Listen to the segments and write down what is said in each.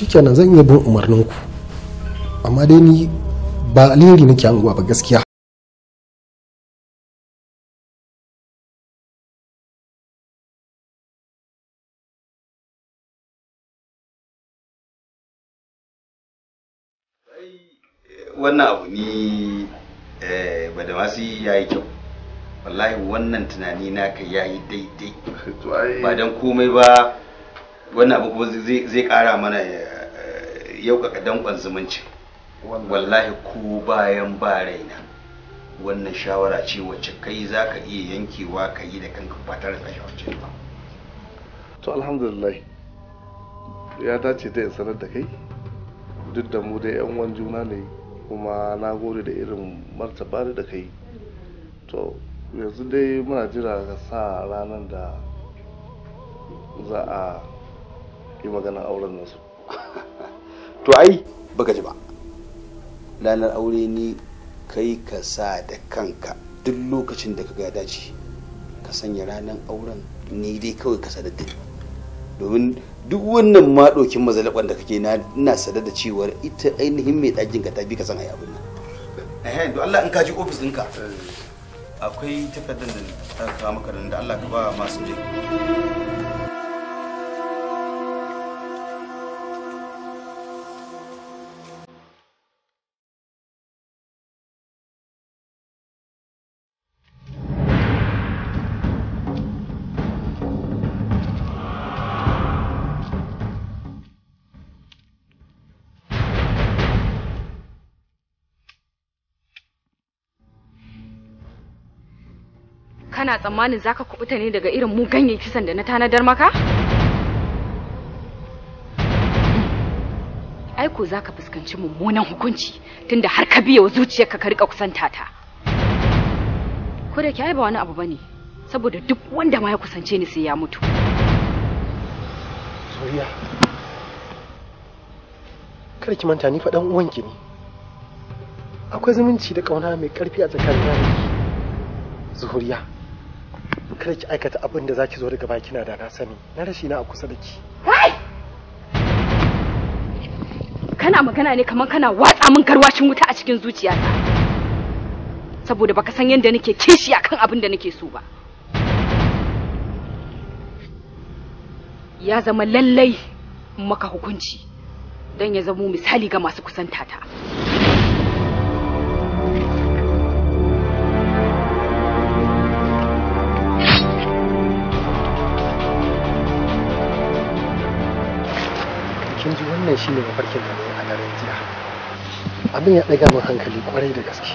shikenan zan iya bin umarnin ku amma dai ni ba alheri nake anguwa ba gaskiya wannan abu ni eh, ba da masu ya yi kyau wallahi wannan tunani naka ya yi daidai ba don komai ba wannan abu kuma zai kara mana eh, eh, yaukaka dankon zumunci wallahi ko bayan ba raina wannan shawara ce wacce kai za ka iya yankewa ka yi da kanka ba tare da shawarci ba to alhamdulillah ya dace da in sanar da kai duk da mu da yan wan juna ne kuma na gode da irin martaba da kai to yanzu dai muna jira ga sa ranar da za a yi magana auren nasu to ai baka ji ba ranar aure ni kai ka sa da kanka duk lokacin da ka ga dace ka sanya ranar auren ni dai kawai ka sa da domin duk wannan maɗokin mazalaban da kake na ina sadar da cewar ita ainihin mai ɗakin ka ta bi ka san ayi abin nan eh to Allah in ka ji ofis ɗinka eh, akwai takardar da ta kawo maka da Allah ka ba masu je kana tsammanin zaka kubuta ne daga irin mu ganyen kisan da na tanadar maka? Aiko zaka fuskanci mummunan hukunci tunda har ka biya wa zuciyarka ka rika kusanta ta. Ko da ba wani abu bane saboda duk wanda ma ya kusance ni sai ya mutu. Soyayya. Kada ki manta ni fa dan uwanki ne. Akwai zumunci da kauna mai karfi a tsakanin zuhuriya kada ki aikata abin da zaki zo daga bakina da na sani na rashi na a kusa da ki kai kana magana ne kamar kana watsa min karwashin wuta a cikin zuciyata saboda baka san yadda nake kishi akan abin da nake so ba ya zama lallai maka hukunci don ya zamo misali ga masu kusantata. wannan shi ne mafarkin da a daren jiya abin ya ɗaga min hankali kwarai da gaske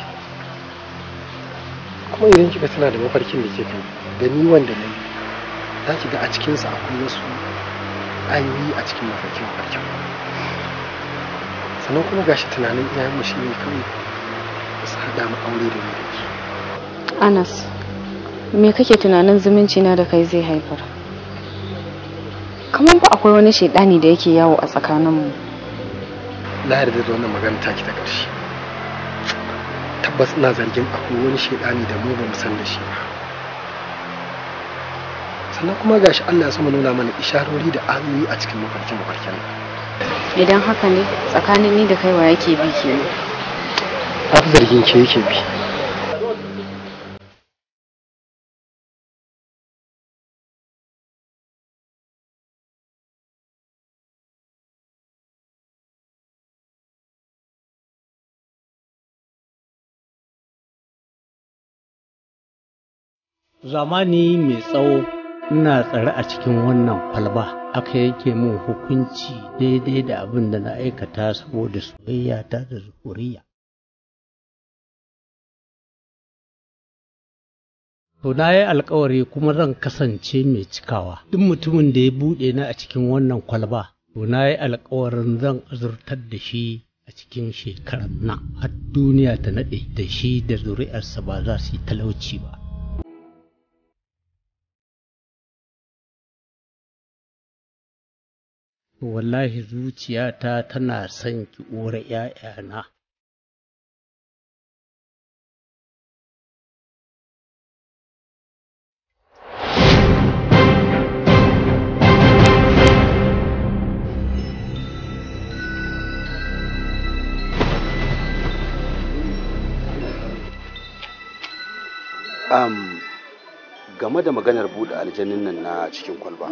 kuma idan kika tana da mafarkin da ke kan da ni wanda na yi za ki ga a cikinsa akwai wasu ayoyi a cikin mafarkin mafarkin sannan kuma gashi tunanin iyayenmu shi ne kawai su haɗa mu aure da ni da ke anas me kake tunanin zumunci na da kai zai haifar kamar ba akwai wani shaidani da yake yawo a tsakaninmu na yarda da zuwa magana ta ta ƙarshe tabbas ina zargin akwai wani shaidani da mu ba mu san da shi ba sannan kuma gashi Allah ya sama nuna mana isharori da ayoyi a cikin mafarkin mafarkin idan haka ne tsakanin ni da kaiwa yake bi kenan har zargin ke yake bi zamani mai tsawo ina tsare a cikin wannan kwalba aka yake min hukunci daidai da abin da na aikata saboda soyayya ta da zuriya to na yi alkawari kuma zan kasance mai cikawa duk mutumin da ya buɗe na a cikin wannan kwalba to na yi alkawarin zan azurtar da shi a cikin shekarar nan har duniya ta naɗe da shi da zuri'arsa ba za su yi talauci ba wallahi zuciyata tana son ki ƙora ‘ya'yana um game da maganar buɗe aljanin nan na cikin kwalba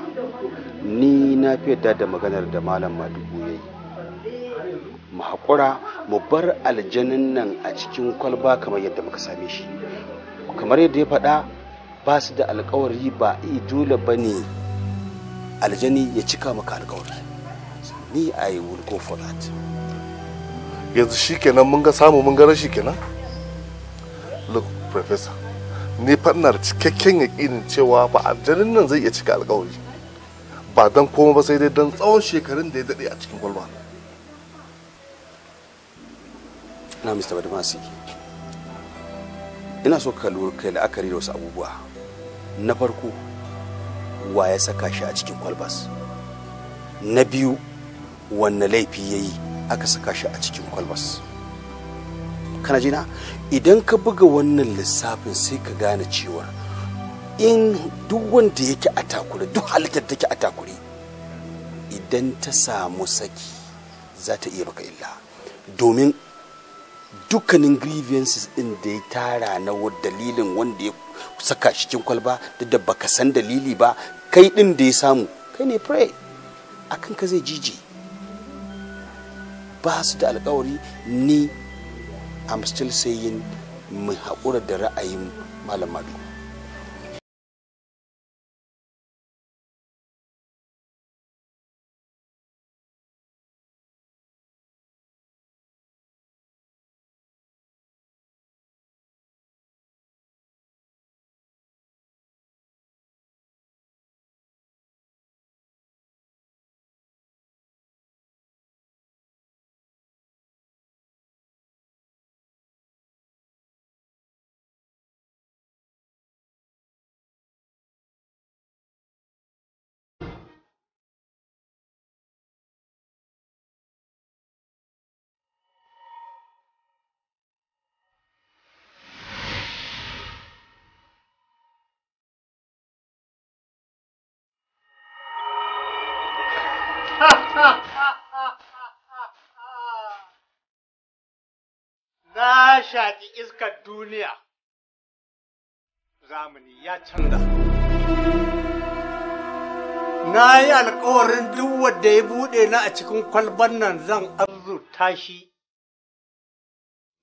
ni na fi yadda da maganar da malam madugu ya yi mu haƙura mu bar aljanin nan a cikin kwalba kamar yadda muka same shi kamar yadda ya faɗa ba su da alkawari ba i eh, dole ba ne aljani ya cika maka alkawari ni a yi will go for that yanzu shi kenan mun ga samu mun ga rashi kenan look professor ni fannar cikakken yakinin cewa ba aljanin nan zai iya cika alkawari ba don koma ba sai dai don tsawon shekarun da ya daɗe a cikin kwalba na badamasi ina so ka lura kai la'akari da wasu abubuwa na farko wa ya saka shi a cikin kwalbas na biyu wanne laifi ya yi aka saka shi a cikin kwalbas kana jina idan ka buga wannan lissafin sai ka gane cewa in duk wanda yake a takure duk halittar take a takure idan ta samu saki za ta iya baka illa domin dukkanin grievances din da ya tara na dalilin wanda ya saka shi cikin kwalba duk da baka san dalili ba kai din da ya samu kai ne pray akan ka zai jije ba su da alkawari ni i'm still saying mu haƙura da ra'ayin malam Na shaƙi iskar duniya, zamani ya canza. Na yi alkawarin duk wanda ya buɗe na a cikin kwalban nan zan arzuta shi,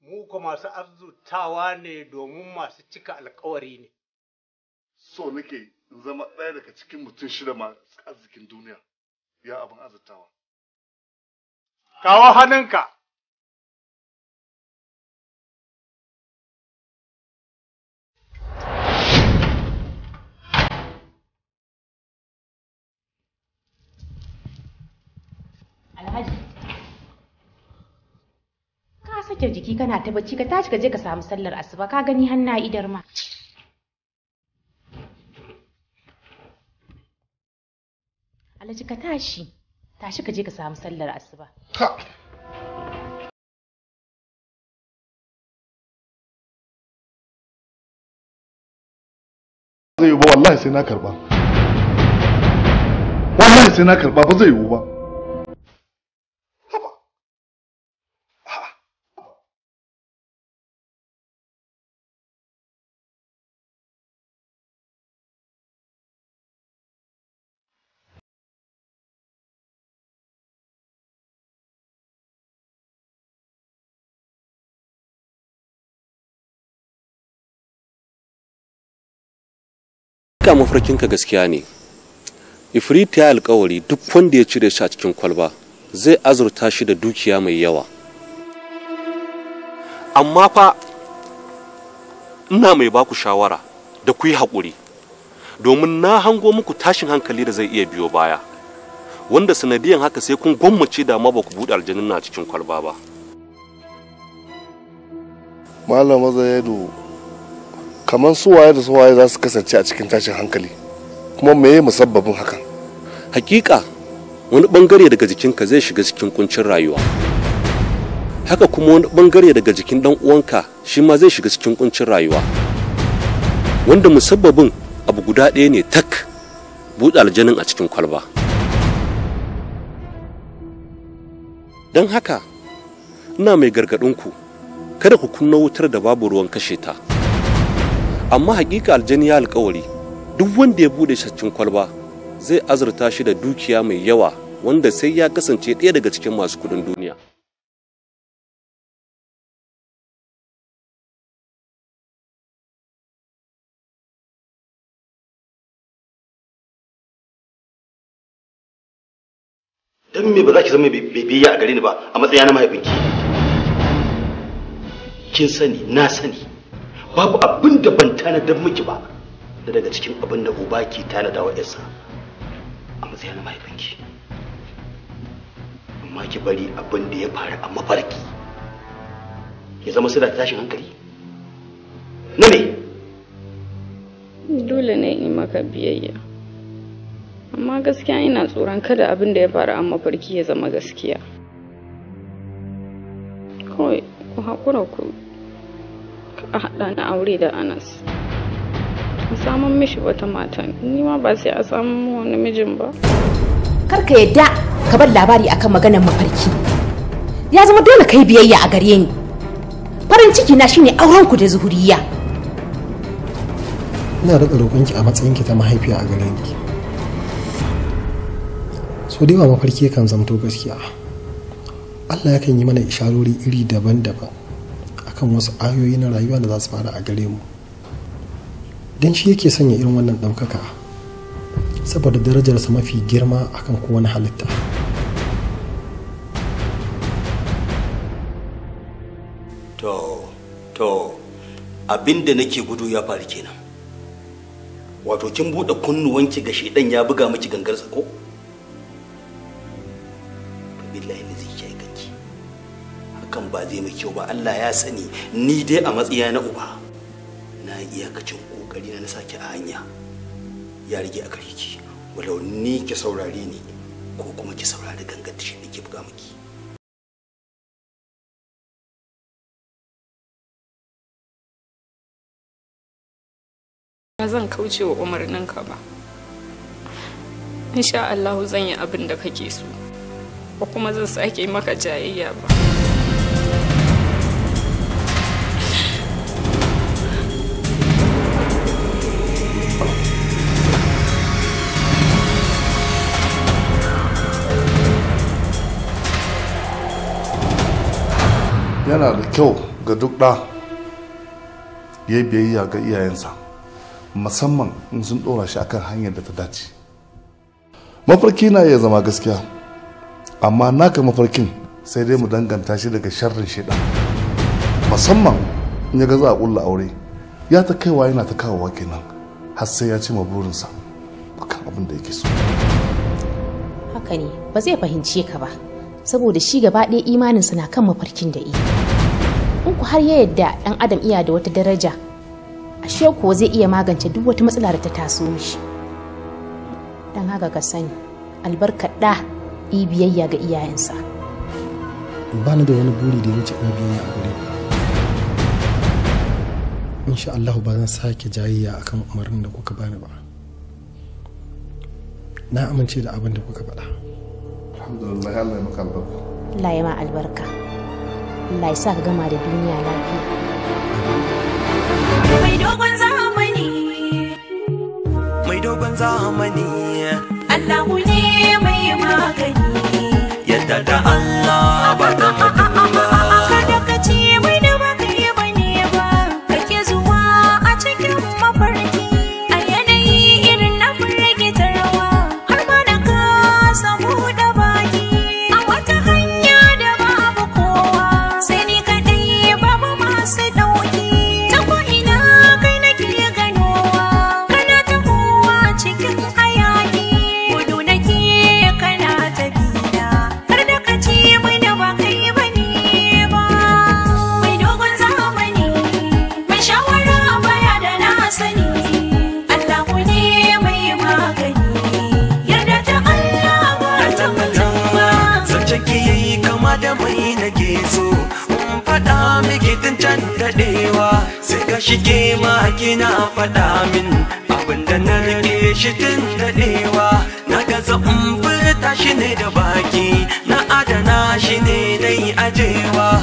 Muka masu arzutawa ne domin masu cika alkawari ne. So nake zama ɗaya daga cikin mutum shida masu arzikin duniya. ya abin azurtawa kawo hannunka Alhaji ka sake jiki kana ta bacci ka tashi ka je ka samu sallar asuba ka gani hanna idar ma Alhaji ka tashi. Tashi ka je ka samu sallar asuba. Ba Zai yi ba wallahi sai na karba. Wallahi sai na karba ba zai yiwu ba. ka mafarkinka gaskiya ne ifrit ya alkawari duk wanda ya cire shi a cikin kwalba zai azurta shi da dukiya mai yawa amma fa ina mai baku shawara da ku yi haƙuri domin na hango muku tashin hankali da zai iya biyo baya wanda sanadiyan haka sai kun gwammace da ma ba ku buɗe aljanin na cikin kwalba ba malam zayadu kamar su waye da su waye za su kasance a cikin tashin hankali kuma me meye musabbabin hakan hakika wani bangare daga jikinka zai shiga cikin kuncin rayuwa haka kuma wani bangare daga jikin dan uwanka shi ma zai shiga cikin kuncin rayuwa wanda musabbabin abu guda ɗaya ne tak buɗe aljanin a cikin kwalba don haka ina mai gargaɗinku kada ku kunna wutar da babu ruwan kashe ta. amma hakika aljani ya alkawari duk wanda ya bude shaccin kwalba zai azurta shi da dukiya mai yawa wanda sai ya kasance ɗaya daga cikin masu kuɗin duniya dan me ba za ki zama biya a gare ni ba a matsayin mahaifinki kin sani na sani babu abin da ban tanadar miki ba da daga cikin abin da uba ke tanada wa yarsa a matsayin mahaifinki amma ki bari abin da ya faru a mafarki ya zama sila tashin hankali na me dole ne in maka biyayya amma gaskiya ina tsoron kada abin da ya faru a mafarki ya zama gaskiya kawai ku haƙura ku a haɗa na aure da anas a samun mishi wata mata ni ma ba sai a samu wani mijin ba kar ka yadda ka bar labari akan maganar mafarki ya zama dole kai biyayya a gare ni farin ciki na shine auren ku da zuhuriya ina da roƙonki a matsayin ki ta mahaifiya a gare ni so dai mafarki kan zamto gaskiya Allah yakan yi mana isharori iri daban-daban kan wasu ayoyi na rayuwa da za su fara a gare mu don shi yake sanya irin wannan ɗaukaka saboda darajarsa mafi girma akan kowane halitta to to abin da nake gudu ya faru kenan wato kin buɗe kunnuwanki ga shaidan ya buga miki gangar ko? ba zai mai kyau ba Allah ya sani ni dai a matsaya na uba na iyakacin kokari na sake a hanya ya rige a gare ki walau ni ki saurare ni ko kuma ki saurari gangar da shi buga miki ba zan kauce wa umarninka ba insha Allah zan yi abin da kake so ba kuma zan sake maka jayayya ba yana da kyau ga duk ɗa ya biyayya ga iyayensa musamman in sun ɗora shi akan hanyar da ta dace mafarki na iya zama gaskiya amma naka mafarkin sai dai mu danganta shi daga sharrin shaidan musamman in ya ga za a ƙulla aure ya ta kaiwa yana ta kawowa kenan har sai ya ci ma burinsa akan abin da yake so haka ne ba zai fahimce ka ba saboda shi gaba ɗaya imaninsa na kan mafarkin da iya in ku har ya yadda dan adam iya da wata daraja ashe kuwa zai iya magance duk wata matsala da ta taso mishi dan haka ka sani albarka da yi biyayya ga iyayensa ba ni da wani buri da ya wuce in biyayya a gare insha Allah ba zan sake jayayya akan umarnin da kuka bani ba na amince da abin da kuka faɗa alhamdulillah Allah ya maka albarka Allah ya ma albarka Allah ya sa ka gama da duniya lafiya mai dogon zamani mai dogon zamani Allah ne mai magani yadda da Allah ba na faɗa min abinda na rike shi tun daɗewa na gaza in shi ne da baki na adana shi ne dai ajewa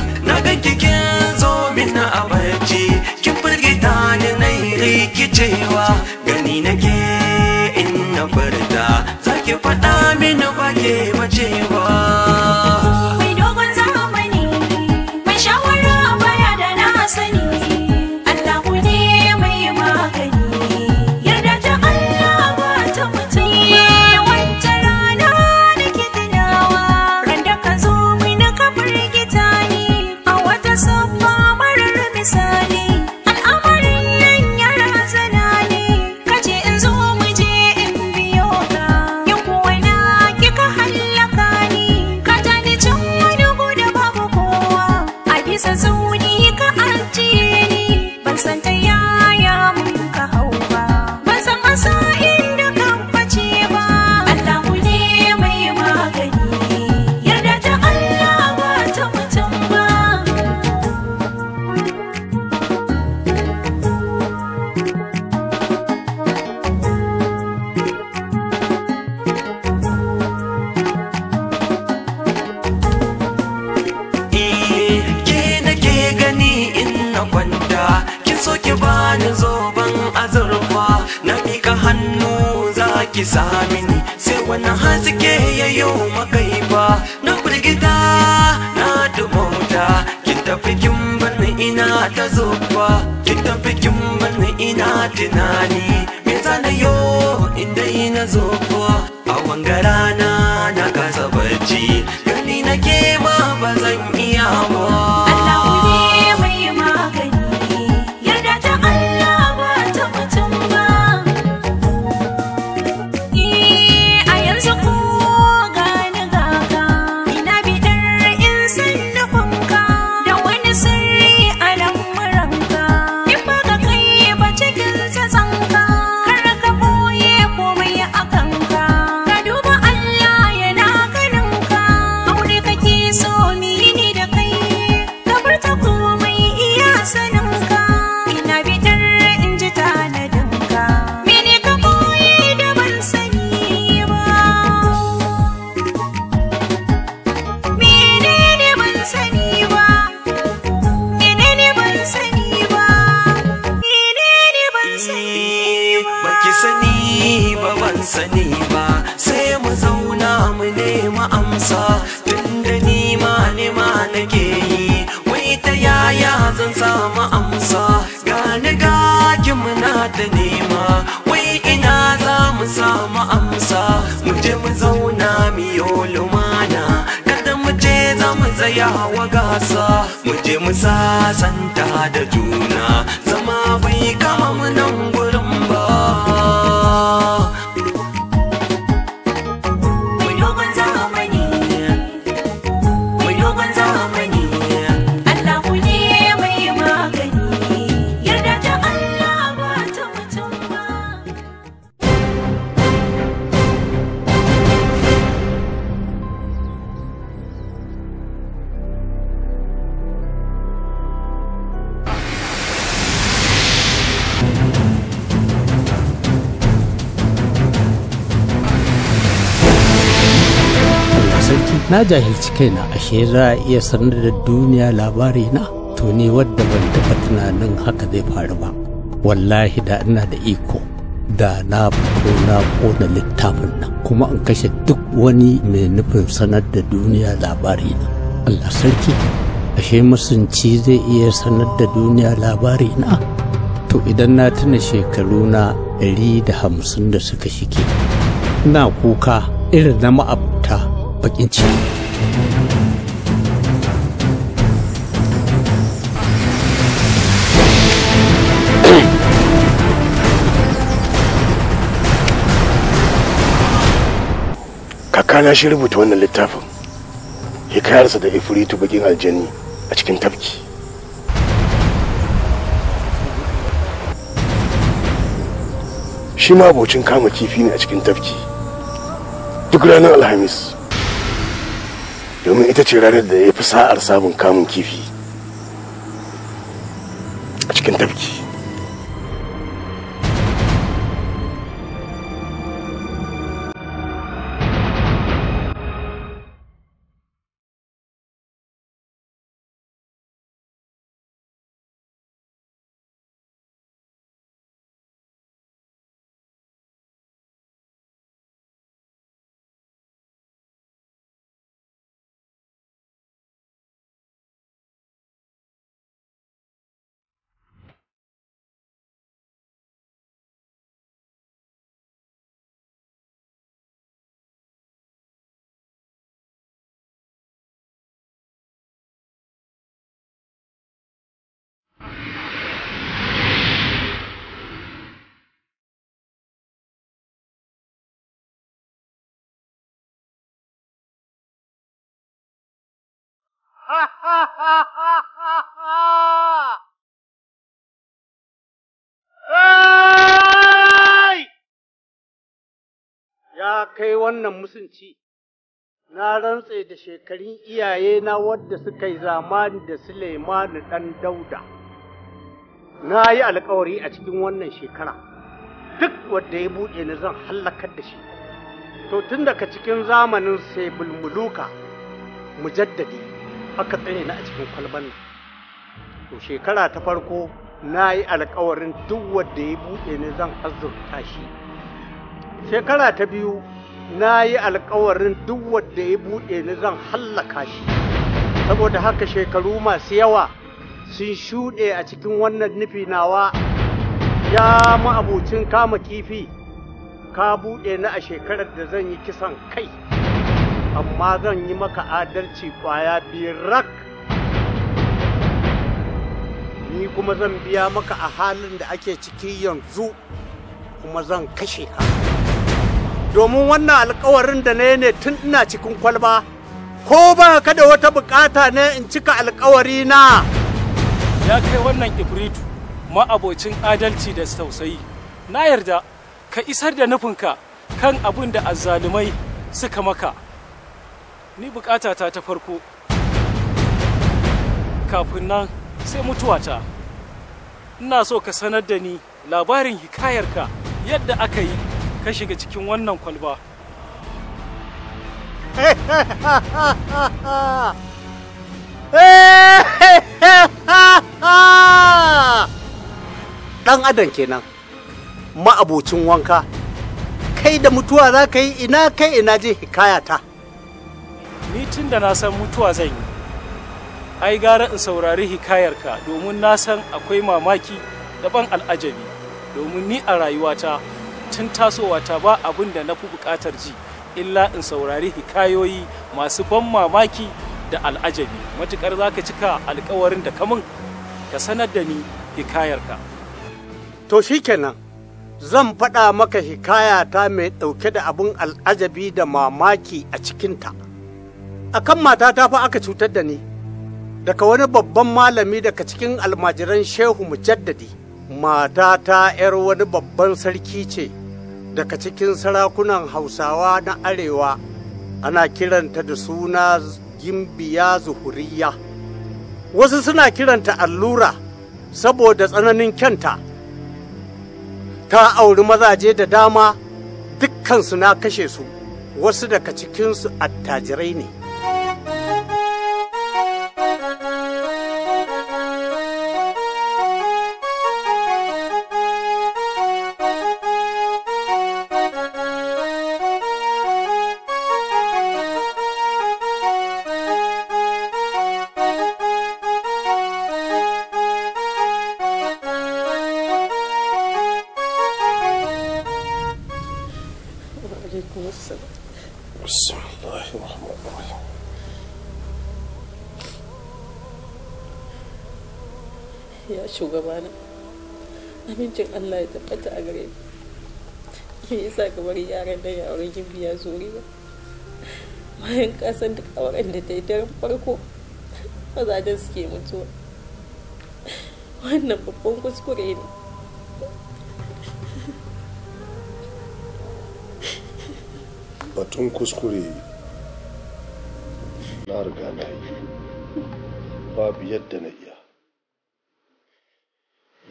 sani ba sai mu zauna mu nema amsa tunda ni ma ne ma nake yi wai ta yaya zan samu amsa gane ga muna ta nema wai ina za mu samu amsa mu je mu zauna miyo lumana kada mu je za mu tsaya wa gasa mu je mu sasanta da juna zama bai kama mu nan gurin na jahilci kaina ashe za a iya sanar da duniya labari na to ne wadda ban taɓa tunanin haka zai faru ba wallahi da ina da iko da na fito na kona littafin nan kuma an kashe duk wani mai nufin sanar da duniya labari na allah sarki ashe masunci zai iya sanar da duniya labari na to idan na tuna shekaru na 150 da hamsin da suka shike ina kuka irin na ma'ab bakin kakana shi rubuta wannan littafin hikayarsa da ifritu bakin aljani a cikin tafki shi ma abocin kama kifi ne a cikin tafki duk ranar alhamis domin ita ce ranar da ya fi sa'ar samun kamun kifi a cikin tafki Ya kai wannan musunci, na rantse da shekarun iyaye na wadda suka yi zamani da Suleimanu ɗan dauda. Na yi alkawari a cikin wannan shekara, duk wadda ya buɗe ni zan hallakar da shi. To tun daga cikin zamanin sai bulmuluka, mujaddadi. aka tsare ni a cikin kwalban nan to shekara ta farko na yi alkawarin duk wanda ya buɗe ni zan azurta shi shekara ta biyu na yi alkawarin duk wanda ya buɗe ni zan hallaka shi saboda haka shekaru masu yawa sun shuɗe a cikin wannan nufi nawa ya ma'abucin kama kifi ka buɗe ni a shekarar da zan yi kisan kai amma zan yi maka adalci kwaya rak ni kuma zan biya maka a halin da ake ciki yanzu kuma zan kashe ka domin wannan alkawarin da na ne tun ina cikin kwalba ko ba ka da wata bukata ne in cika alkawari na ya kai wannan ibritu ma'abocin adalci da tausayi na yarda ka isar da nufinka kan abin da azzalumai suka maka ni bukatata ta farko kafin nan sai mutuwata ina so ka sanar da ni labarin hikayarka yadda aka yi ka shiga cikin wannan kwalba ɗan adam kenan ma'abocin wanka kai da mutuwa za ka yi ina kai ina je hikayata ni tun da na san mutuwa zan yi ai gara in saurari hikayarka domin na san akwai mamaki da ban al'ajabi domin ni a rayuwata tun ta ba abin da na fi bukatar ji illa in saurari hikayoyi masu ban mamaki da al'ajabi matukar za ka cika alkawarin da kamun ka sanar da ni hikayarka to shikenan zan faɗa maka hikayata mai ɗauke da abin al'ajabi da mamaki a cikinta. a akan matata fa aka cutar da ni daga wani babban malami daga cikin almajiran shehu mu mujaddadi matata 'yar wani babban sarki ce daga cikin sarakunan hausawa na arewa ana kiranta da suna gimbiya zuhuriya wasu suna kiranta allura saboda tsananin kyanta ta auri mazaje da dama dukkansu na kashe su wasu daga cikinsu attajirai ne ka yaran da ya aure gimbiya bayan kasan duk auren da ta yi daren farko mazajen suke mutuwa wannan babban kuskure ne batun kuskure na riga na yi babu yadda na iya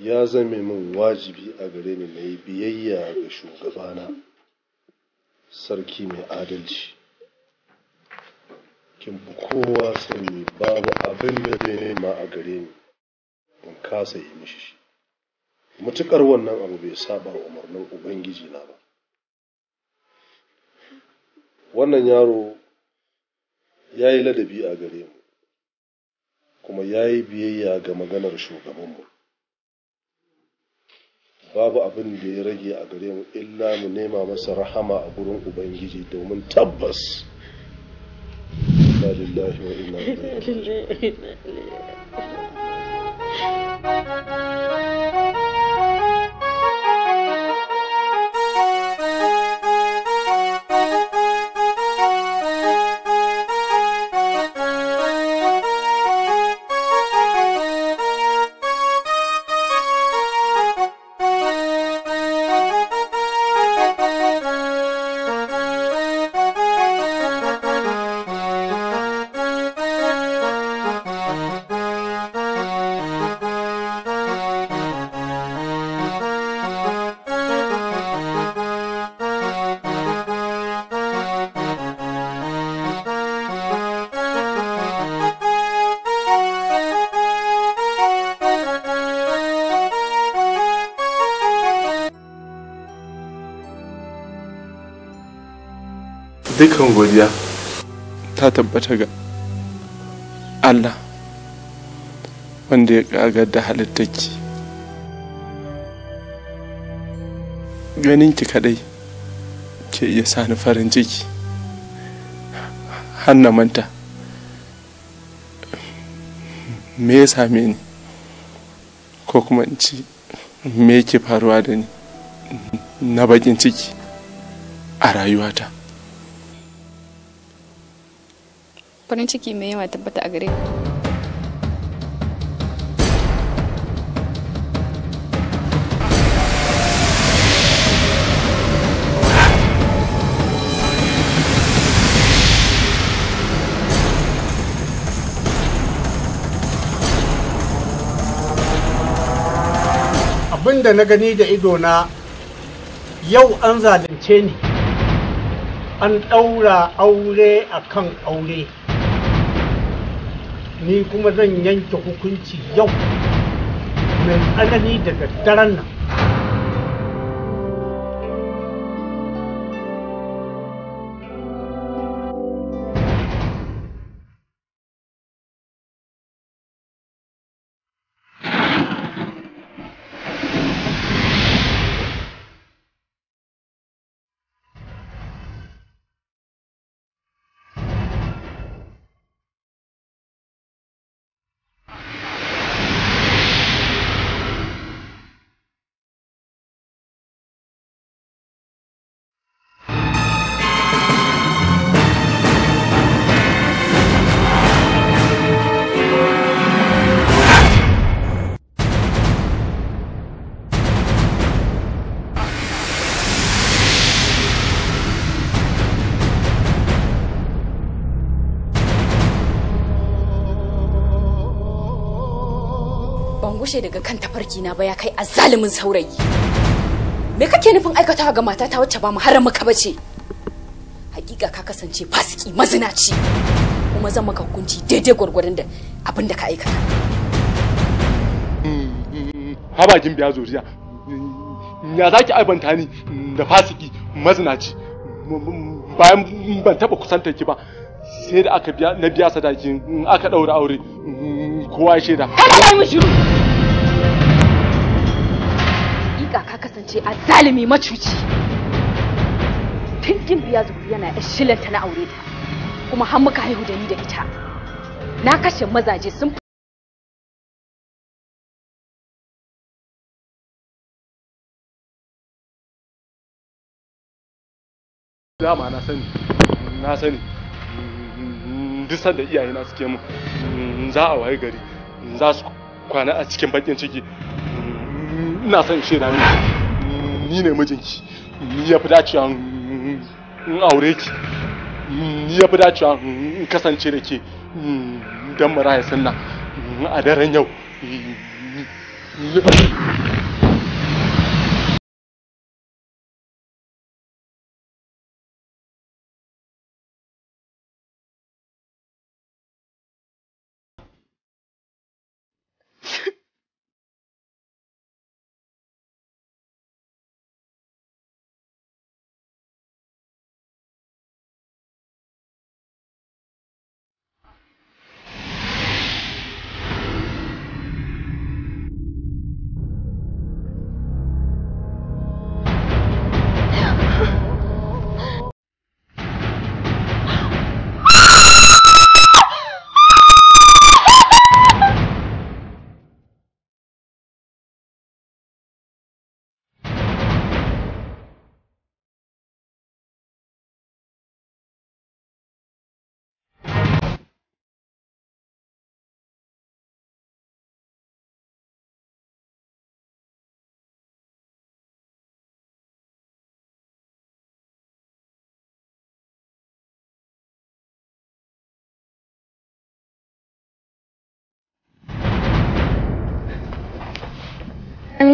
ya zame min wajibi a gare ni na yi biyayya ga shugabana sarki mai adalci kin fi kowa sani babu abin da zai nema a gare ni in kasa yi mishi shi wannan abu bai saba umarnin ubangiji na ba wannan yaro ya yi ladabi a gare mu kuma ya yi biyayya ga maganar shugabanmu babu abin da ya rage a gare mu illa mu nema masa rahama a gurin ubangiji domin tabbas lillahi wa inna ilaihi dukkan godiya ta tabbata ga allah wanda ya kagar da halittarki ganinki kadai ke iya sani farin ciki hanna manta me ya same ni ko kuma in ci me ke faruwa da ni na bakin ciki a rayuwata farin ciki mai yawa tabbata a gare abin da na gani da ido na yau an zalunce ni an ɗaura aure a kan aure ni kuma zan yanke hukunci yau mai tsanani daga daren nan kushe daga kan tafarki na ba ya kai azzalumin saurayi me kake nufin aikatawa ga matata wacce ba muharram maka bace hakika ka kasance fasiki mazinaci kuma zan maka hukunci daidai gwargwadon da abin da ka aikata habajin biya zuriya ya zaki aibanta ni da fasiki mazinaci bayan ban taba kusantar ki ba sai da aka biya na biya sadaki in aka daura aure kowa ya shaida kada kai mun shiru Dika ka kasance a zalimi macuci tun kin biya zuburi yana yar shilanta na aure ta kuma har muka haihu da ni da ita na kashe mazaje sun dama na sani na sani min duk sanda na suke min za a waye gari za su kwana a cikin bakin ciki ina son shaida na ni ne mijinki ni ya fi dacewa in aure ki ni ya fi dacewa in kasance da ke don maraya sanna a daren yau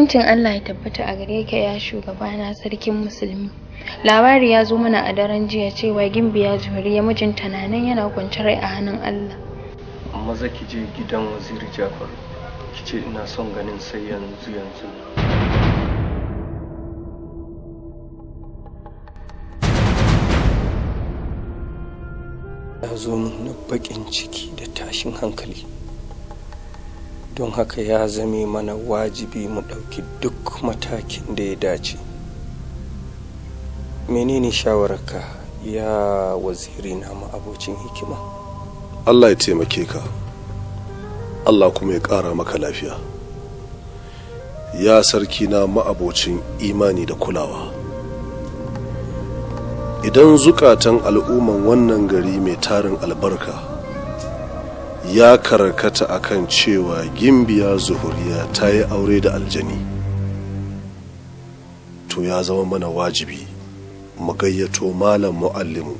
Amincin Allah ya tabbata a gare ka ya shugaba na sarkin musulmi. Labari ya zo mana a daren jiya cewa Gimbi ya juriya mijinta na nan yana rai a hannun Allah. Maza ki je gidan Waziri Jafar. Ki ce ina son ganin sai yanzu yanzu. Ya zo mun na baƙin ciki da tashin hankali. don haka ya zame mana wajibi mu ɗauki duk matakin da ya dace menene shawararka ya waziri na abocin hikima allah ya taimake ka allah kuma ya ƙara maka lafiya ya sarki na ma'abocin imani da kulawa idan zukatan al'umman wannan gari mai tarin albarka ya karkata akan cewa gimbiya zuhuriya ta yi aure da aljani to ya zama mana wajibi mu gayyato malam mu'allimu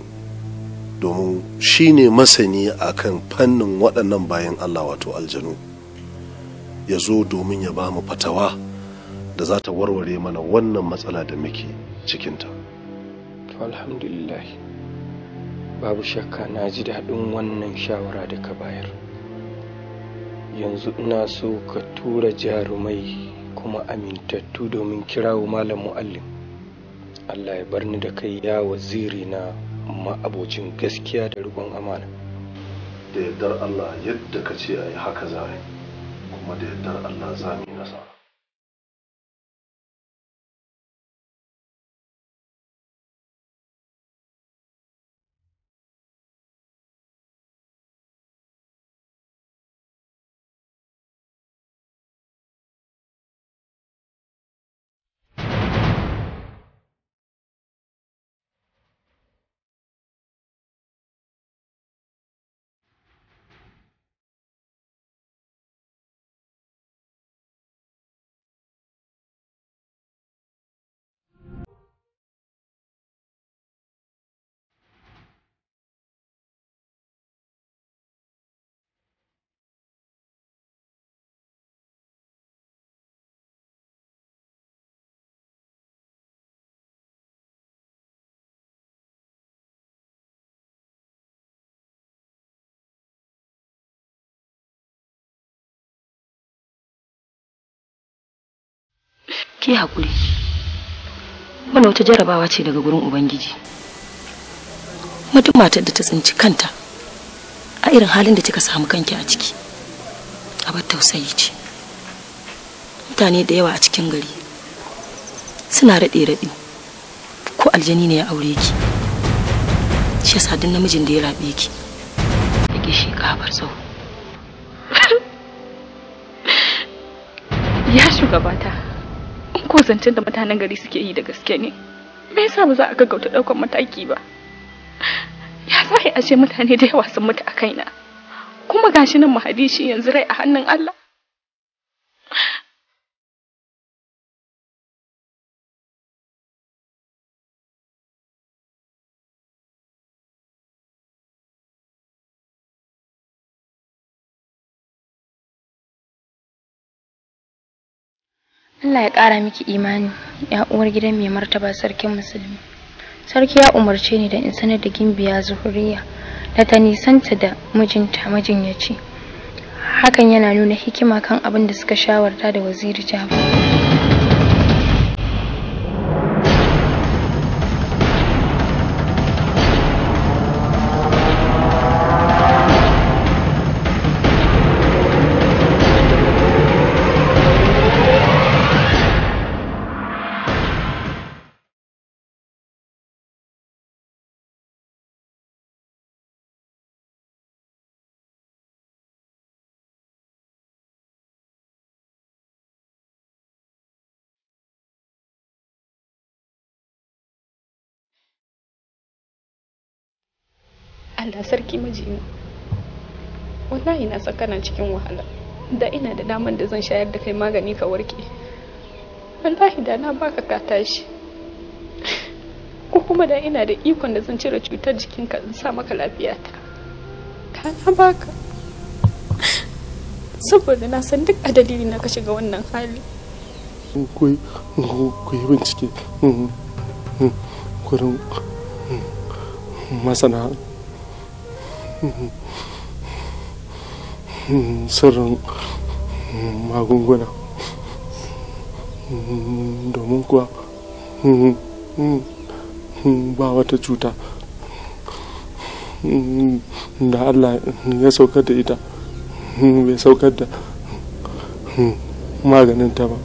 domin shi ne masani akan fannin waɗannan bayan allah wato aljanu ya zo domin ya ba mu fatawa da za ta warware mana wannan matsala da muke cikinta alhamdulillah babu shakka na ji daɗin wannan shawara da ka bayar yanzu ina so ka tura jarumai kuma amintattu domin kirawo malam mu'allim allah ya bar ni da kai ya waziri na ma'abocin gaskiya da rubon amana da yardar allah yadda ka ce a yi haka zare kuma da yardar allah za mu yi nasara ki hakuri wannan wata jarabawa ce daga gurin ubangiji mutum matar da ta tsinci kanta a irin halin da kika samu kanki a ciki abar tausayi ce mutane da yawa a cikin gari suna raɗe-raɗe ko aljani ne ya aure ki shi yasa duk namijin da ya raɓe ki yake shi kafar sau ya shugabata ko zancen da mutanen gari suke yi da gaske ne me yasa ba za a gaggauta ɗaukar mataki ba ya za a mutane da yawa sun mutu a kaina kuma gashi nan mahadishi yanzu rai a hannun Allah Allah ya ƙara miki imani ya uwar gidan mai martaba sarkin musulmi sarki ya umarce ni da in sanar da gimbiya zuhuriya da ta nisanta da mijinta majinyaci hakan yana nuna hikima kan abin da suka shawarta da waziri Jafar. Allah sarki mijina wallahi na tsakanin cikin wahala da ina da daman da zan shayar da kai magani ka warke wallahi da na baka ka tashi ko kuma da ina da ikon da zan cire cutar jikinka in sa maka lafiyata ta na baka saboda na san duk a na ka shiga wannan hali ku yi bincike hmm, hmm, hmm, kurin masana sirrin magunguna domin kuwa ba wata cuta da allah ya saukar da ita bai saukar da maganin ta ba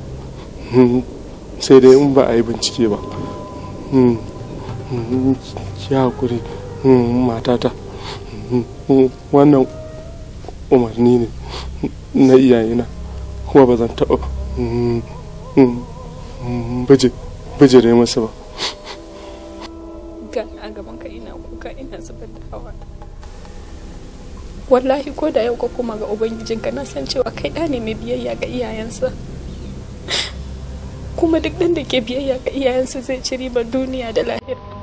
sai dai in ba a yi bincike ba ya hakuri matata wannan umarni ne na iyayena kuma ba zan taɓa mm, mm, mm, bijire masa ba gani a gaban ka ina kuka ina zubar da hawa wallahi ko da yau ka kuma ga ubangijin ka na san cewa kai ɗa ne mai biyayya ga iyayensa kuma duk ɗan da ke biyayya ga iyayensa zai ci ba duniya da lahira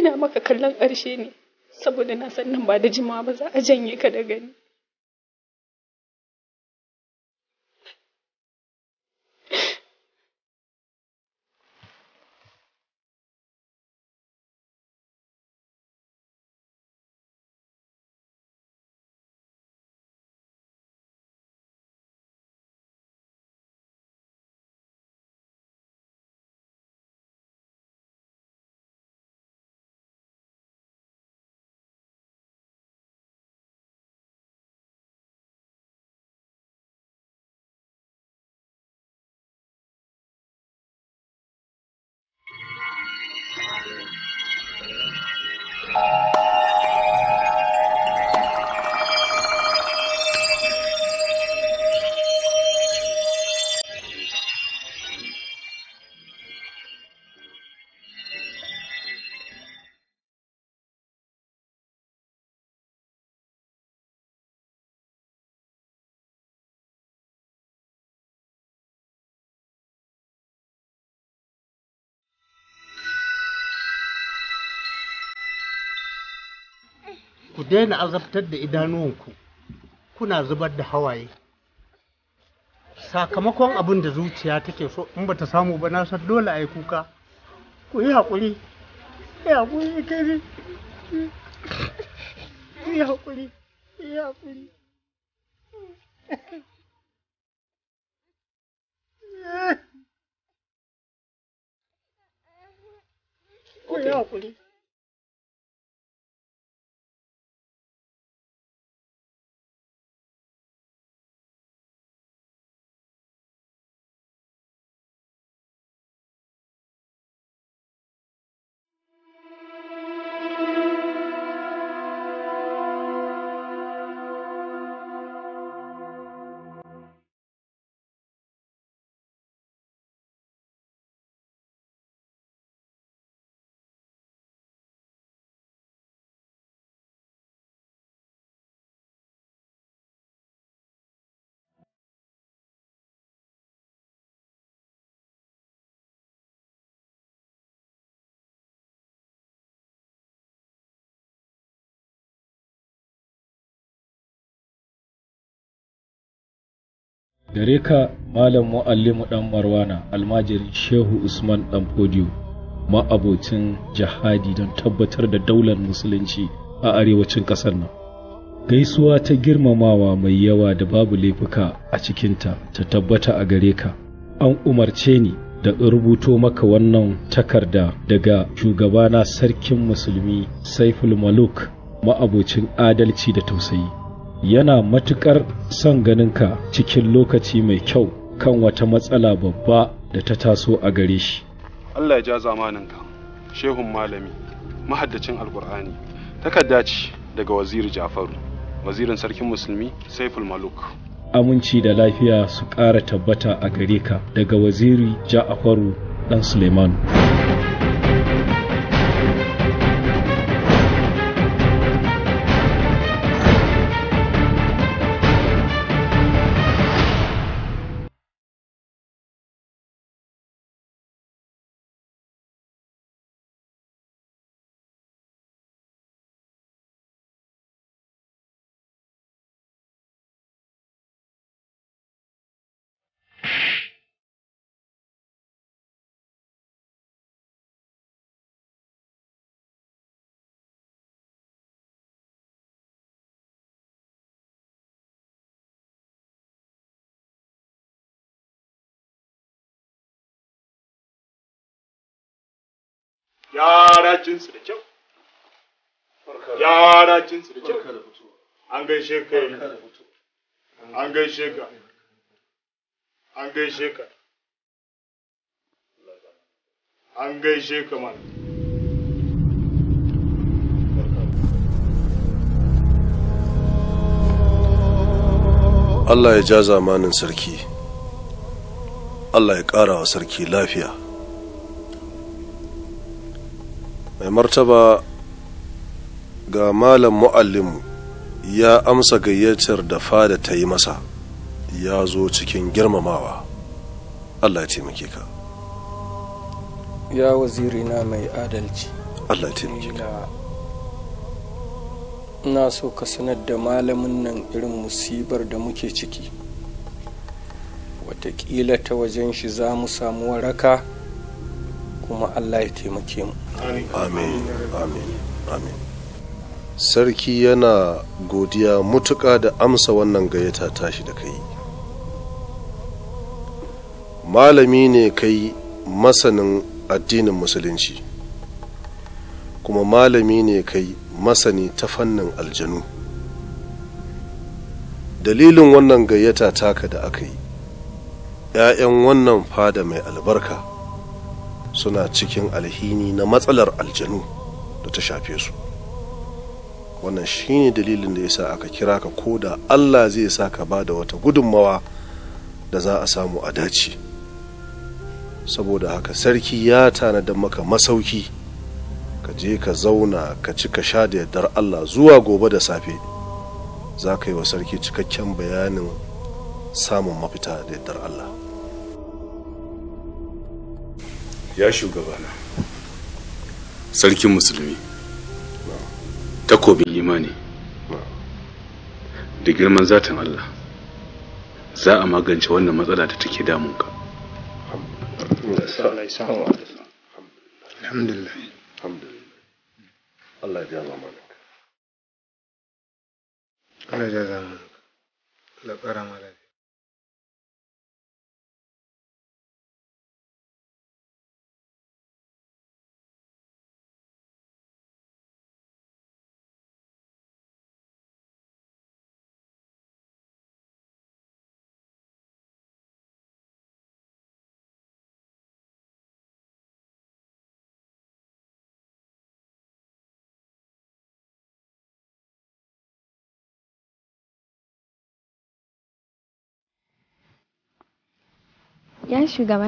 ina maka kallon ƙarshe ne saboda na san nan ba da jimawa ba za a janye ka da gani ku daina azabtar da idanuwanku kuna zubar da hawaye sakamakon abin da zuciya take so in ba ta samu ba na san dole ai kuka ku yi haƙuri yi haƙuri kai yi haƙuri yi haƙuri ku yi haƙuri gare ka malam mu'allimu dan marwana almajiri shehu usman dan podiyo ma'abocin jihadi don tabbatar da daular musulunci a arewacin ƙasar nan gaisuwa ta girmamawa mai yawa da babu laifuka a cikinta ta tabbata a gare ka an umarce ni da in rubuto maka wannan takarda daga shugabana sarkin musulmi saiful maluk ma'abocin adalci da tausayi yana matuƙar son ganin ka cikin lokaci mai kyau kan wata matsala babba da ta taso a gare shi. Allah ya ja zamaninka, shehun malami, mahaddacin alkur'ani, takarda ce daga waziri Jafaru, wazirin sarkin musulmi Saiful Maluk. Aminci da lafiya su ƙara tabbata a gare ka daga waziri Jafaru ɗan Suleiman. gyara jinsu da kyau gyara jinsu da kyau an gaishe ka an gaishe ka an gaishe ka an gaishe ka ma Allah ya ja zamanin sarki, Allah ya ƙara wa sarki lafiya. mai martaba ga malam mu'allimu ya amsa gayyatar da fada ta yi masa ya zo cikin girmamawa allah ya taimake ka ya wazirina mai adalci allah ya taimake ka na so ka sanar da malamin nan irin musibar da muke ciki Wataƙila ta wajen shi za mu samu waraka kuma Allah ya taimake mu amin amin amin sarki yana godiya mutuƙa da amsa wannan gayyata tashi da kai malami ne kai masanin addinin musulunci kuma malami ne kai masani ta fannin aljanu dalilin wannan gayyata taka da aka yi ‘ya'yan wannan fada mai albarka suna cikin alhini na matsalar aljanu da ta shafe su wannan shine dalilin da yasa aka kira ka ko da allah zai sa ka ba da wata gudunmawa da za a samu a dace saboda haka sarki ya da maka masauki ka je ka zauna ka ci ka sha da yardar allah zuwa gobe da safe za ka yi wa sarki cikakken bayanin samun mafita da yardar allah ya shugabana sarkin musulmi takobin imani da girman zatin Allah za a magance wannan matsala ta take damunka alhamdulillah Allah ya Allah ya Allah ya ya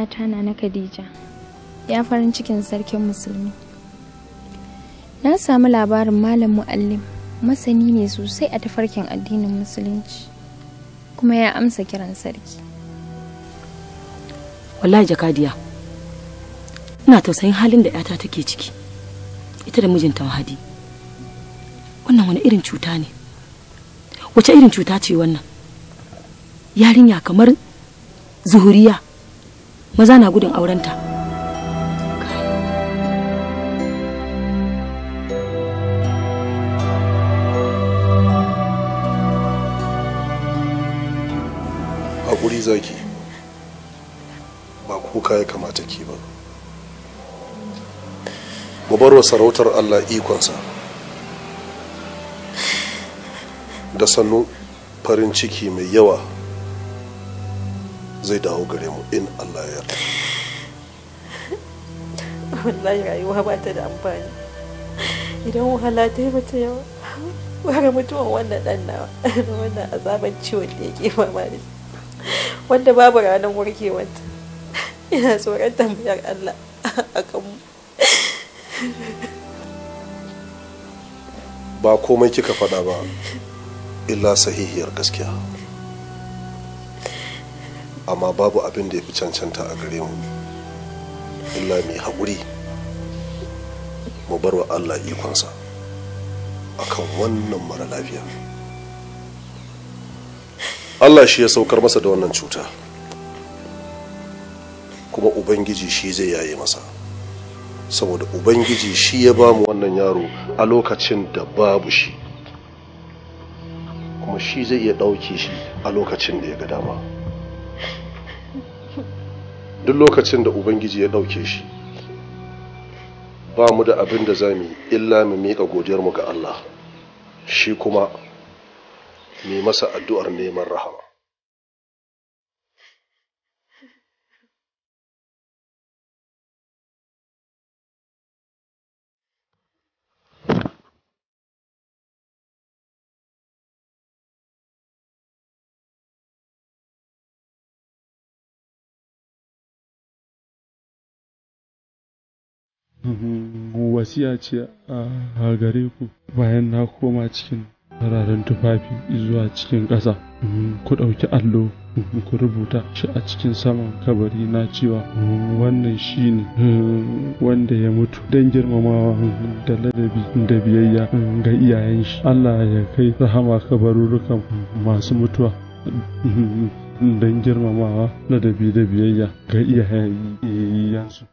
ta na na khadija ya farin cikin sarkin musulmi na samu labarin malam mu'allim masani ne sosai a tafarkin addinin musulunci kuma ya amsa kiran sarki wallahi jakadiya ina tausayin halin da 'yata take ciki ita da mijinta mahadi wannan wani irin cuta ne wace irin cuta ce wannan yarinya kamar zuhuriya maza na gudun aurenta hakuri zaki ba kuka ya kamata ki ba mu wa sarautar allah ikonsa da sannu farin ciki mai yawa zai dawo gare mu in Allah ya yarda wallahi rayuwa ba ta da amfani idan wahala ta yi mata yawa ware mutuwan wannan dan nawa wannan azaban ciwon da yake fama da wanda babu ranar warkewanta ina tsoron tambayar Allah a kanmu ba komai kika faɗa ba illa sahihiyar gaskiya amma babu abin da ya fi cancanta a gare mu illa mai haƙuri mu bar wa allah ikonsa a kan wannan mara lafiya allah shi ya saukar masa da wannan cuta kuma ubangiji shi zai yaye masa saboda ubangiji shi ya ba mu wannan yaro a lokacin da babu shi kuma shi zai iya ɗauke shi a lokacin da ya ga dama. duk lokacin da ubangiji ya ɗauke shi ba mu da abin da za mu yi illa mu miƙa godiyarmu ga Allah shi kuma mai masa addu'ar neman rahama wasiya ce a gare ku bayan na koma cikin fararen tufafi zuwa cikin ƙasa ku ɗauki allo ku rubuta shi a cikin saman kabari na cewa wannan shi ne wanda ya mutu don girmamawa da ladabi da biyayya ga iyayen shi Allah ya kai rahama kabarurukan masu mutuwa don girmamawa ladabi da biyayya ga iyayen su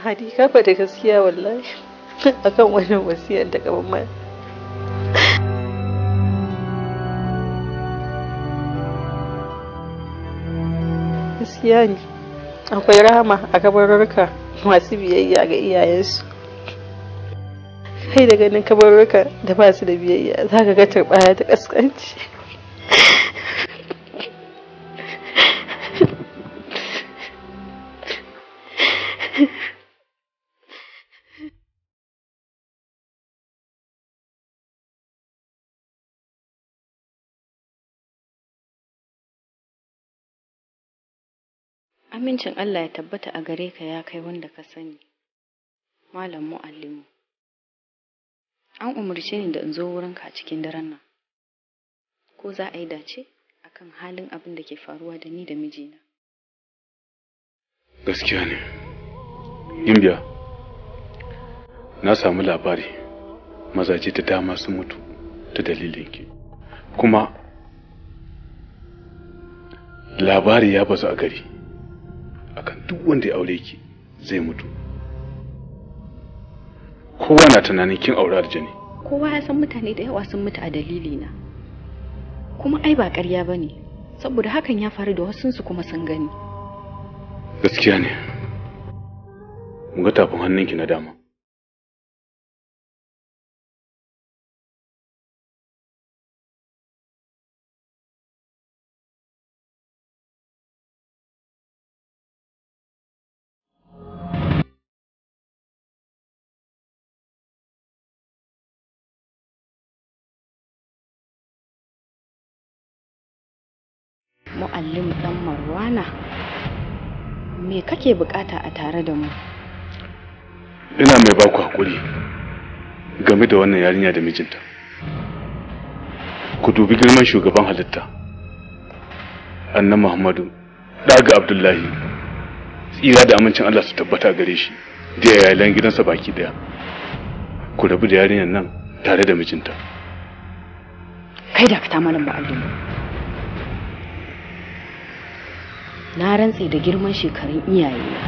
hadi ka da gaskiya wallahi akan wannan wasiyar da gaban mai gaskiya ne akwai rama a kabarurka masu biyayya ga iyayensu kai da ganin kabarurka da ba su da biyayya za ka ga turɓaya ta ƙasƙanci Yeah. Amincin Allah ya tabbata a gare ka ya kai wanda ka sani, Malam mu'allimu. An umarce ni da in zo wurinka a cikin daren nan, ko za a yi dace akan halin abin da ke faruwa da ni da mijina. Gaskiya ne, Gimbiya, na samu labari mazaje da dama sun mutu ta dalilinki, kuma labari ya bazu a gari. akan duk wanda ya aure ki zai mutu kowa na tunanin kin aure aljani kowa ya san mutane da yawa sun mutu a dalili na kuma ai ba ƙarya ba ne saboda hakan ya faru da su kuma sun gani gaskiya ne mu ga tafin hannunki na dama ɗan marwana me kake bukata a tare da mu ina mai baku hakuri game da wannan yarinya da mijinta ku dubi girman shugaban halitta annan muhammadu ɗaga abdullahi tsira da amincin allah su tabbata gare shi da yayalan gidansa baki daya ku rabu da yarinyar nan tare da mijinta kai da ka ta malam ba na rantse da girman shekarun iyayena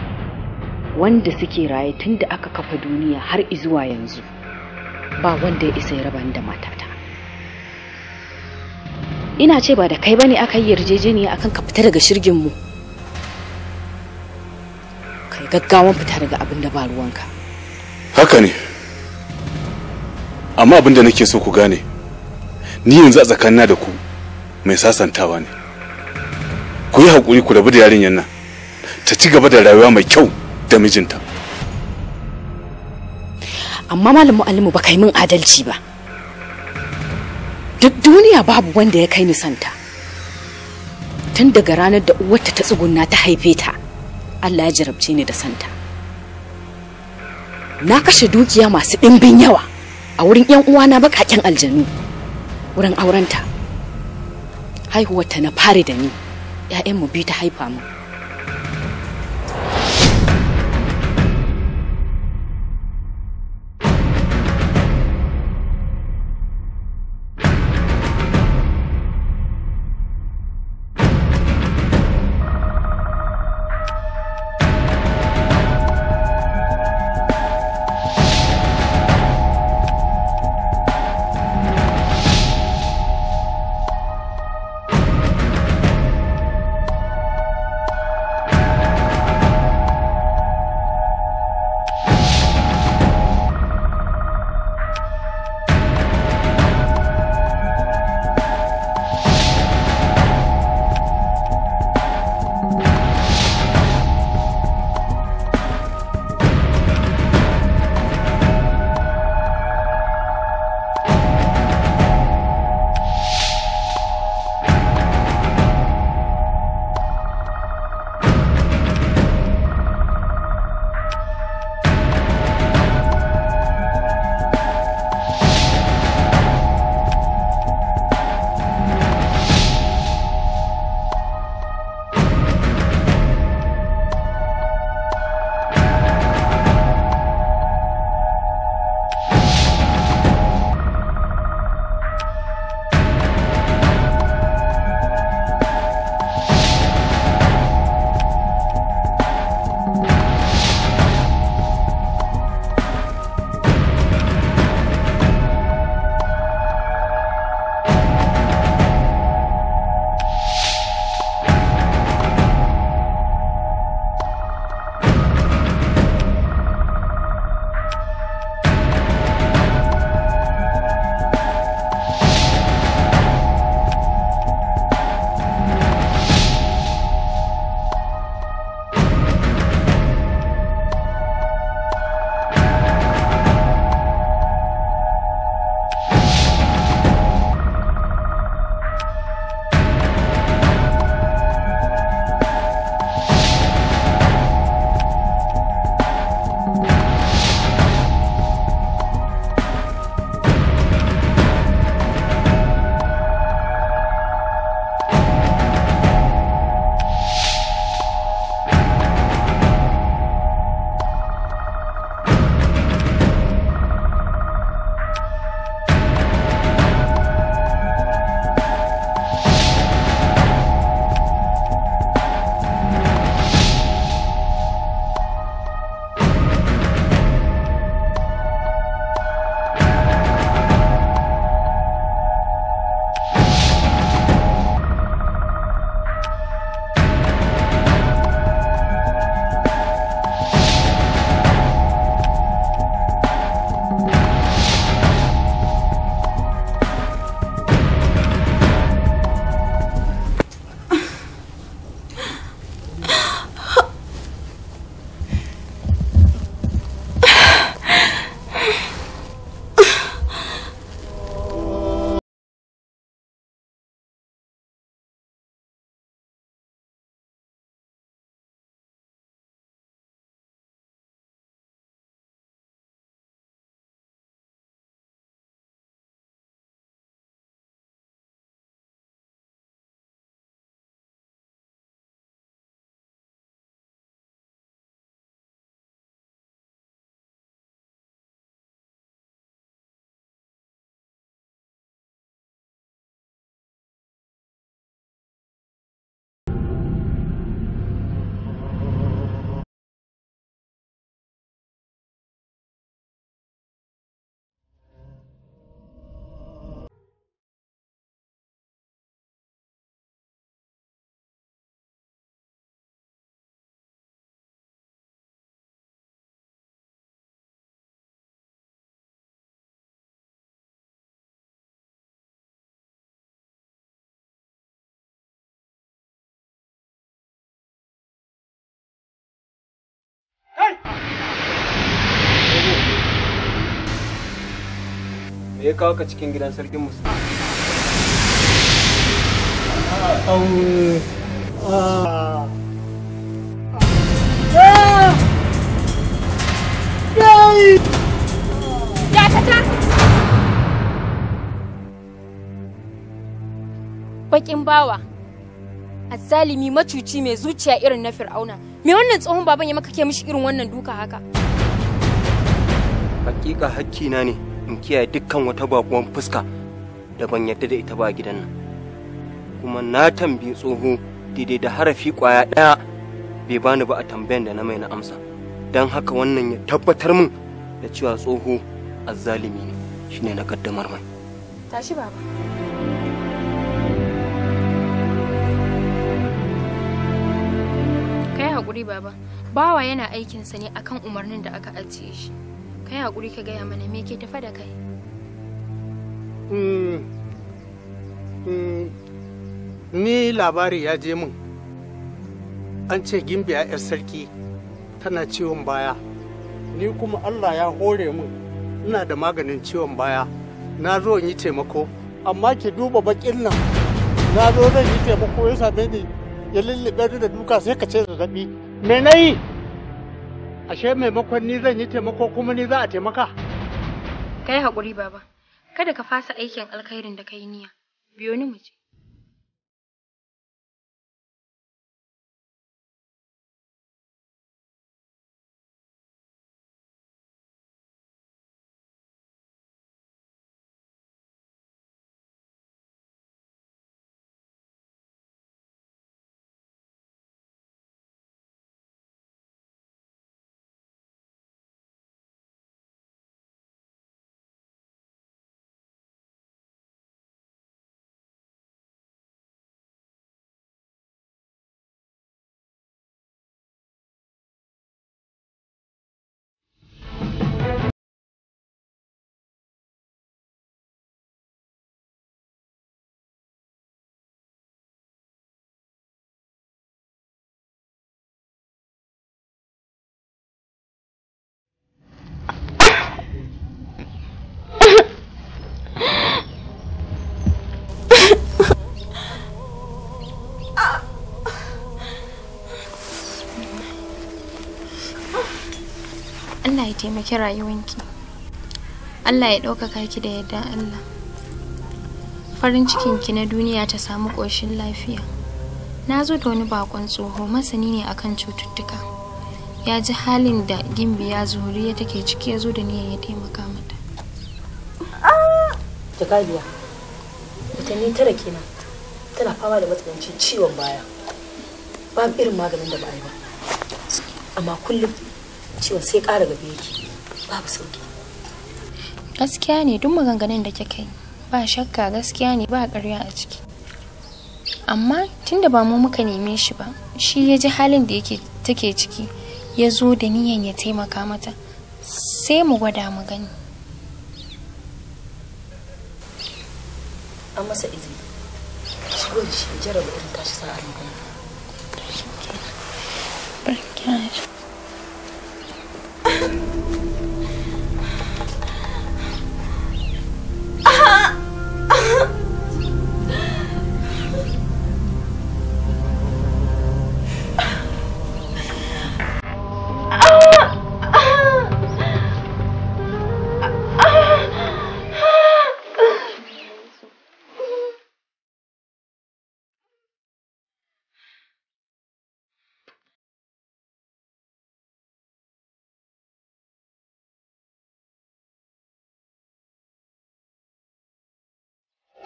wanda suke raye tun da aka kafa duniya har izuwa yanzu ba wanda ya isa ya raba da matata ina ce ba da kai bane aka yi yarjejeniya akan ka fita daga shirgin mu kai gaggawan fita daga abin da ba ruwanka haka ne amma abin da nake so ku gane ni yanzu a tsakanina da ku mai sasantawa ne ku yi hakuri ku rabu da yarinyar nan ta ci gaba da rayuwa mai kyau da mijinta amma malamu alimu ba kai min adalci ba duk duniya babu wanda ya kai ni santa tun daga ranar da uwarta ta tsugunna ta haife ta Allah ya jarabce ni da santa na kashe dukiya masu ɗimbin yawa a wurin yan uwana bakaken aljanu wurin aurenta haihuwarta na fare da ni 'ya'yanmu biyu ta haifa mu ya kawo ka cikin gidan sarkin musu bakin bawa, azzalimi macuci mai zuciya irin na fir'auna, me wannan tsohon baban ya maka ke mishi irin wannan duka haka? Hakika hakkina ne. in kiyaye dukkan wata bakuwan fuska da ban yadda da ita ba a gidan nan kuma na tambayi tsoho daidai da harafi kwaya ɗaya bai bani ba a tambayan da na mai na amsa don haka wannan ya tabbatar min da cewa tsoho azzalimi ne shine na kaddamar mai tashi baba kai haƙuri baba bawa yana aikinsa ne akan umarnin da aka ajiye shi kai hakuri ka gaya mana me ke tafa da kai hmm. Hmm. ni labari ya je min an ce gimbiya 'yar sarki tana ciwon baya ni kuma allah ya hore min ina da maganin ciwon baya na zo yi taimako amma ki duba bakin nan na zo zan yi taimako ya same ni ya lullube da duka sai ka ce zazzabi me na ashe maimakon ni zan yi taimako kuma ni za a taimaka kai haƙuri baba kada ka fasa aikin alkhairin da kai niyya biyo ni mu je Allah ya taimaki rayuwanki Allah ya ɗaukaka ki da yadda Allah farin cikinki na duniya ta samu ƙoshin lafiya na zo da wani bakon tsoho masani ne akan cututtuka ya ji halin da gimbiya ya take ciki ya zo da niyan ya taimaka mata ah! jakabiya watanni tara kenan tana fama da matsanancin ciwon baya babu irin maganin da ba yi ba amma kullum cewa sai ƙara gabe yake babu sauki gaskiya ne duk maganganun da kika yi ba shakka gaskiya ne ba ƙarya a ciki amma tunda ba mu muka neme shi ba shi ya ji halin da yake take ciki ya zo da niyan ya taimaka mata sai mu gwada mu gani an masa izini shi irin tashi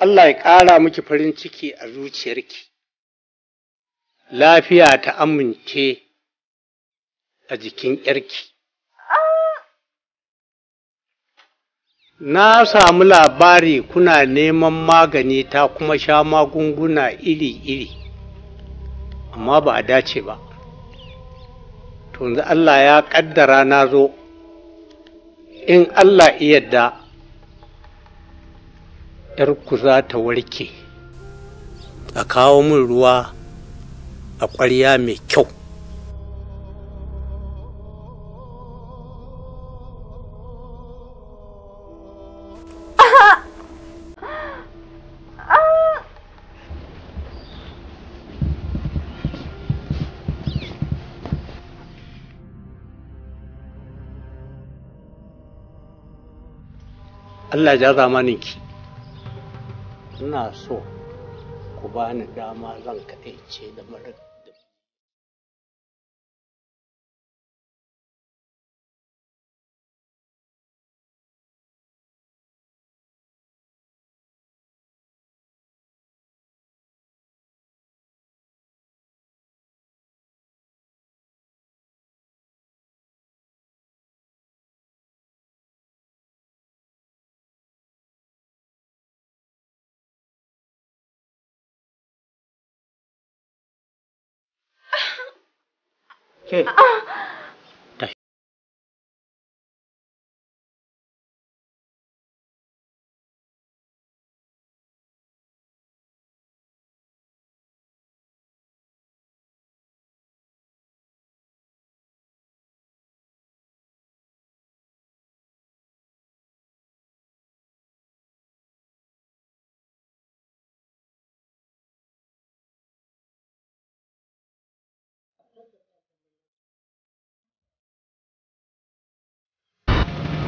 Allah ya ƙara miki farin ciki a zuciyarki, lafiya ta amince a jikin ƴarki. Na samu labari kuna neman magani ta kuma sha magunguna iri-iri, amma ba a dace ba. To, Allah ya ƙaddara na zo, in Allah iya da. 'yarku za ta warke a kawo min ruwa a ƙwarya mai kyau Allah ja zamanin ki ina so ku bani dama zan kaɗaice da marar 啊！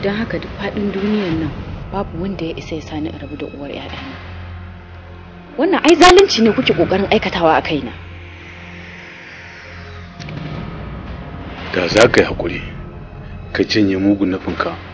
don haka duk faɗin duniyan nan babu wanda ya isa ya sani a rabu da uwar ‘ya'yana wannan ai zalunci ne kuke ƙoƙarin aikatawa a kaina da za ka yi hakuri, ka cinye mugun nufinka